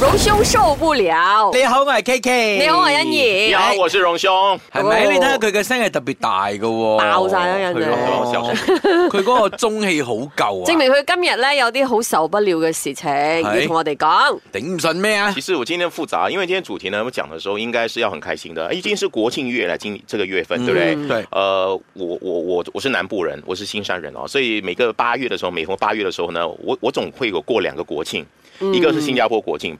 榮兄受不了。你好，我係 K K。你好，我係欣怡。你好，我是榮、hey. 兄。係、oh. 咪？你睇下佢嘅聲係特別大嘅、哦，爆晒啦欣怡。佢、oh. 嗰 個中氣好夠、啊，證明佢今日咧有啲好受不了嘅事情、hey. 要同我哋講。頂唔順咩啊？其實我今天複雜，因為今天主題呢，我講嘅時候應該是要很開心的。已經是國慶月啦，今這個月份，mm. 對不對？對。誒、呃，我我我我是南部人，我是新山人啊、哦，所以每個八月嘅時候，每逢八月嘅時候呢，我我總會有過兩個國慶，mm. 一個是新加坡國慶